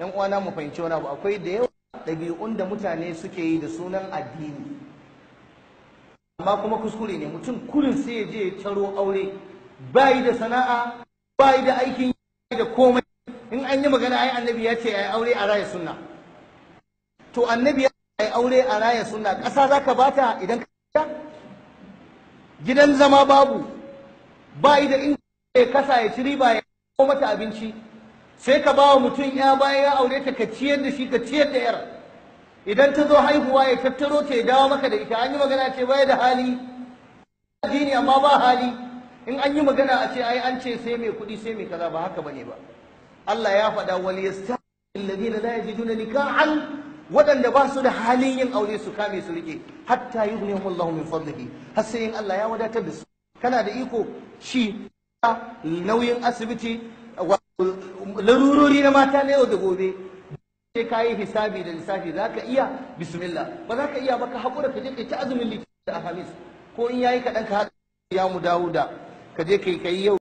yan uwana mu fahimci wani abu akwai da yawa ɗabi'un da mutane suke yi da sunan addini amma kuma kuskure ne mutum kurin sai ya je ya taro aure bayi da sana'a bayi da aikin yi da komai in an yi magana ai annabi ya ce ai aure a raya sunna to annabi ya ce ai aure a raya sunna ƙasa za ka bata idan ka gidan zama babu bayi da in kasa ya ci riba ya ko mata abinci sai ka bawa mutum ya bayan ya aure ta ka ciyar da shi ka ciyar da yar idan ta zo haihuwa ya tattaro ta ya dawo maka da ita an yi magana ce baya da hali addini amma ba hali in an yi magana a ce ai an ce sai mai kuɗi sai mai kaza ba haka bane ba Allah ya faɗa wal yastahi alladhina la yajiduna nikahan waɗanda ba su da halin yin aure su kame su rike hatta yughnihum Allahu min fadlihi har sai in Allah ya wadatar da su kana da iko shi nauyin asibiti na mata na yau da gobe sai ka yi hisabi da lissafi za ka iya bismillah ba za ka iya ba ka haƙura ka je ka ta azumin litinin da alhamis ko in ya yi kaɗan ka haɗa ya mu dawuda ka je ka yi yau